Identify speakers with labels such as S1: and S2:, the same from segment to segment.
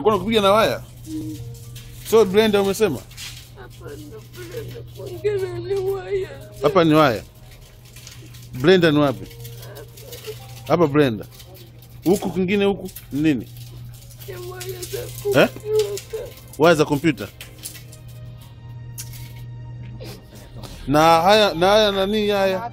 S1: alikuwa nakupiga na waya mm. so blenda umesema hapa ni waya blenda ni wapi hapa blenda huku kwingine huku ni nini
S2: eh? waya za kompyuta
S1: na haya na haya nani haya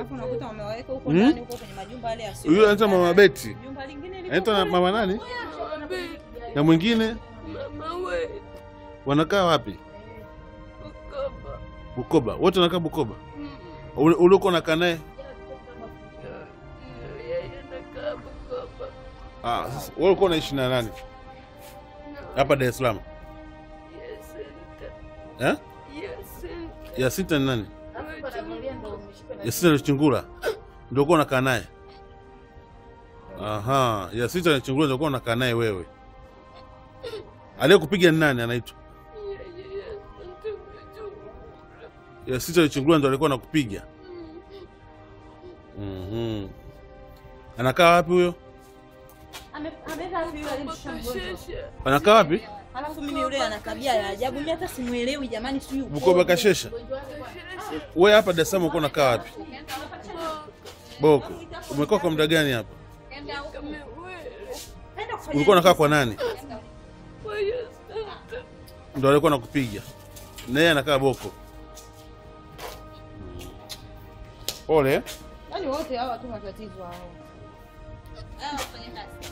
S1: Alafu mm. unakuta wamewaweka huko ndani hmm? huko kwenye majumba yale Huyo anaitwa Mama Beti. Jumba lingine Anaitwa mama nani? Na mwingine? Mama Wanakaa wapi? Bukoba. Bukoba. Wote wanakaa Bukoba. Mm. Uliko na kanae? Ah, wewe uko naishi na nani? Hapa Dar es Salaam.
S2: Yasinta. Eh? Yasinta.
S1: Yasinta ni nani? Yasita alichungura ndio kwa unakaa naye. Aha, Yasita alichungura ndio kwa unakaa naye wewe. Aliyekupiga ni nani anaitwa? Yasita alichungura ndio alikuwa anakupiga. Mhm. Mm Anakaa wapi huyo? Anakaa wapi? Alafu mimi yule anakabia ya ajabu, mimi hata simuelewi jamani, sijui. Bukoba Kashesha. Wewe hapa Dar es Salaam uko unakaa wapi? Boko. Umekaa kwa muda gani hapa? Ulikuwa unakaa kwa nani? Ndio alikuwa nakupiga na yeye anakaa Boko. Pole. Yaani wote hawa tu matatizo hao. Ah, fanya kazi.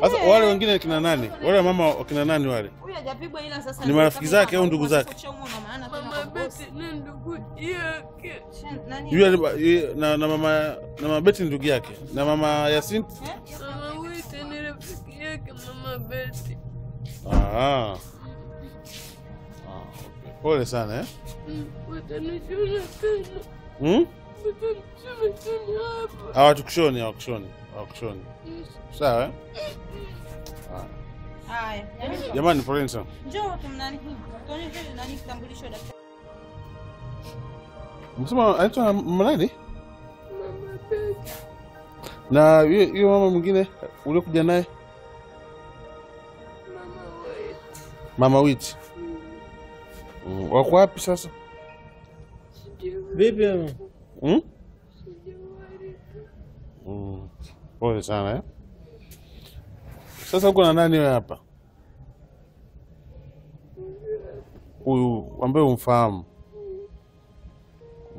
S1: Sasa yeah. Wale wengine kina nani? Wale mama kina nani wale? Huyu hajapigwa ila sasa ni marafiki zake au ndugu zake? Yule na, na mama na mama Beti ndugu yake na mama Yasin eh? Ah. Pole sana eh? Mm. Hmm? Hawakushoni, hawakushoni wa kushona. Sawa eh? Haya. Jamani, poleni sana. Njoo tumnani tuonyeshe nani kitambulisho daktari. Msema anaitwa Mradi? Na hiyo mama mwingine uliokuja naye? Mama Witi. Mm, wako wapi sasa? Vipi? Mm? Mm. Pole sana eh? Sasa uko na nani wewe hapa huyu ambaye umfahamu?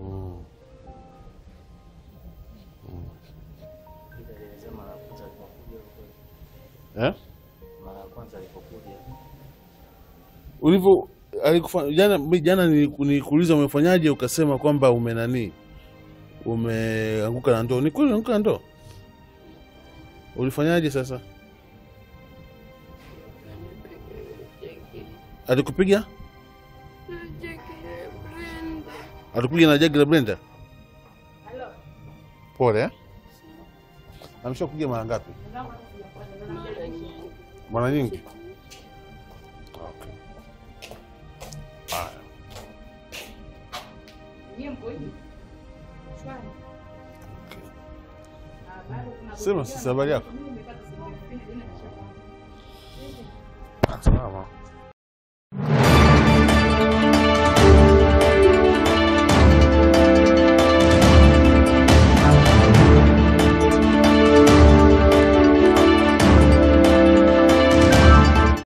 S1: mm. mm.
S3: Ulivyo jana jana nilikuuliza umefanyaje, ukasema kwamba umenani umeanguka na ndoo. Ni kweli umeanguka na ndoo? Ulifanyaje sasa? Alikupiga? Alikupiga na jagi la Brenda? Hello. Pole Amesha Ameshakupiga mara ngapi? Mara nyingi. Okay. Haya. Сыма, соболяк. Слава.